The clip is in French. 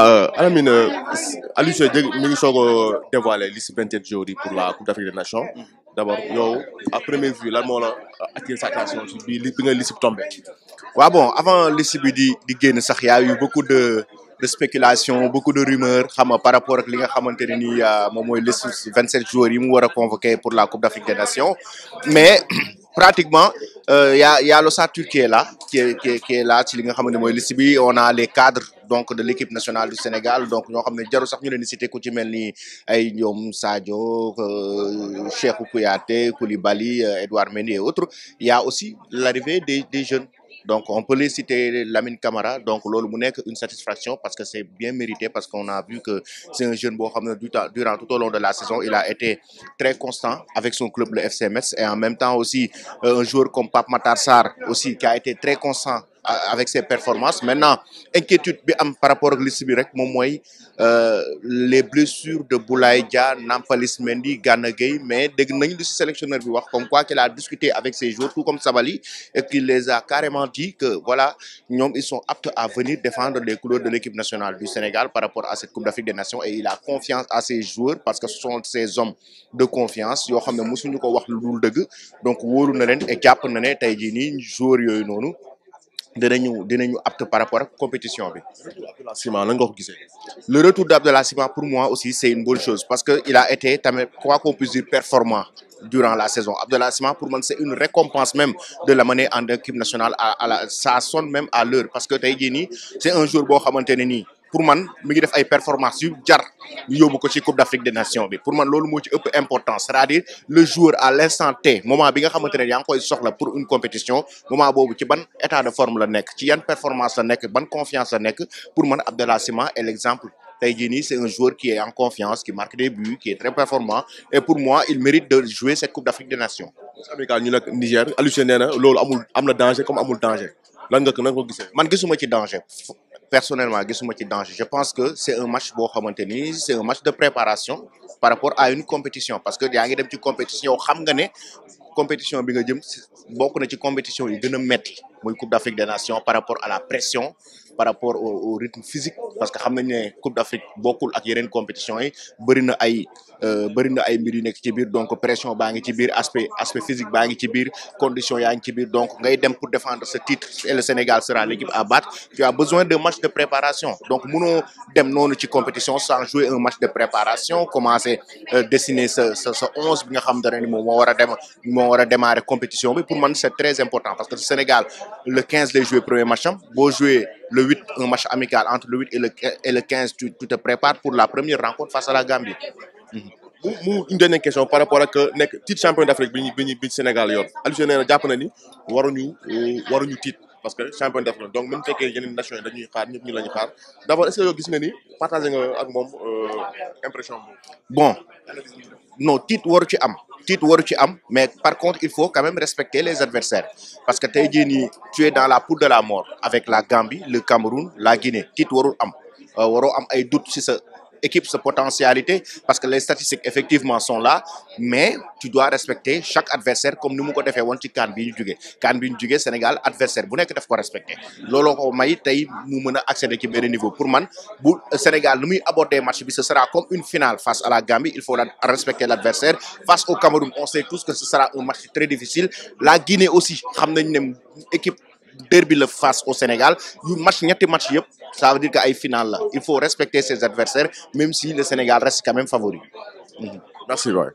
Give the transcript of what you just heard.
Ala min Ali mi sɔn 27 jours pour la Coupe d'Afrique des Nations d'abord à première vue l'amour a euh, attiré sa attention si bi liste bon avant liste bi di di y a eu beaucoup de de beaucoup de rumeurs par rapport à li nga xamante 27 euh, joueurs yi m'a pour la Coupe d'Afrique des Nations mais pratiquement, il euh, y, a, le a qui est là, qui est, qui est, qui on a les cadres donc, de l'équipe nationale du Sénégal, donc Sadio, euh, Cheikh Kouyaté, Koulibaly, euh, Edouard et autres. Il y a aussi l'arrivée des, des jeunes donc, on peut les citer, Lamine Camara. Donc, lolo Mounek une satisfaction parce que c'est bien mérité parce qu'on a vu que c'est un jeune Bohamed durant tout au long de la saison il a été très constant avec son club le FC et en même temps aussi euh, un joueur comme Pape Matarsar aussi qui a été très constant avec ses performances maintenant inquiétude par rapport à liste euh, les blessures de Boulaïdia, Dia Mendy mais il comme quoi a discuté avec ses joueurs tout comme Sabali et qu'il les a carrément dit que voilà ils sont aptes à venir défendre les couleurs de l'équipe nationale du Sénégal par rapport à cette Coupe d'Afrique des Nations et il a confiance à ses joueurs parce que ce sont ses hommes de confiance donc dinañu dinañu apte par rapport la compétition bi. le retour d'Abdallah pour moi aussi c'est une bonne chose parce que il a été je quoi qu'on puisse dire performant durant la saison Abdallah pour moi, c'est une récompense même de l'amener en équipe nationale à à ça sonne même à l'heure parce que tay c'est un jour bo xamanténi pour moi, mi ngi def ay performance yu jar Coupe d'Afrique des Nations pour moi, c'est un ci important. c'est-à-dire le joueur à l'instant T moment où il sort pour une compétition moment boobu ci état de forme la ci performance la nekk ban confiance la pour moi, Abdallah est l'exemple tey c'est un joueur qui est en confiance qui marque des buts qui est très performant et pour moi il mérite de jouer cette Coupe d'Afrique des Nations. amical ñu nag Niger Aliou Cissé nee na danger comme amul danger lan nga ko nga danger personnellement, je pense que c'est un match c'est un match de préparation par rapport à une compétition. Parce que y a une compétition, compétition beaucoup de compétitions, il mettre la Coupe d'Afrique des Nations par rapport à la pression par rapport au, rythme physique parce que xam Coupe d'Afrique beaucoup ak yenen compétition yi bari na ay euh, bari na ay mbir yu ci biir donc pression baangi ci biir aspect aspect physique baangi ci biir condition yaangi ci biir donc ngay dem pour défendre ce titre et le Sénégal sera l'équipe à battre tu as besoin de match de préparation donc mënoo dem nonu ci compétition sans jouer un match de préparation commencer euh, dessiner ce ce, ce onze bi nga xam dara ni mo wara dem démarrer compétition bi pour moi c'est très important parce que le Sénégal le 15 lay jouer premier match il jouer le 8, un match amical entre le 8 et le, et le 15, tu, te prépares pour la première rencontre face à la Gambie. -hmm. une dernière question par rapport que le titre champion d'Afrique le Sénégal yoon Aliou nee na na ni waruñu euh, waruñu titre parce que champion d'Afrique donc même si yeneen nation une dañuy xaar ñëpp ñu la d'abord est-ce que vous avez nga ni partagé nga ak l'impression euh, impression bon non titre waru ci am mais par contre il faut quand même respecter les adversaires parce que tu es dans la poule de la mort avec la Gambie le Cameroun la Guinée titre waru am euh, am ay doute si équipe sa potentialité, parce que les statistiques effectivement sont là mais tu dois respecter chaque adversaire comme nous nous ko defee woon ci CAN bi ñu du CAN bi Sénégal adversaire bu nek daf ko respecter lolo ko may tay mu meuna accéder ci de niveau pour man bu Sénégal numuy aborder match bi ce sera comme une finale face à la Gambie il faut respecter l'adversaire face au Cameroun on sait tous que ce sera un match très difficile la Guinée aussi xam nañ équipe derby le face au Sénégal une match ñetti match ça veut dire que a final finale. il faut respecter ses adversaires même si le Sénégal reste quand même favori. Merci Roy.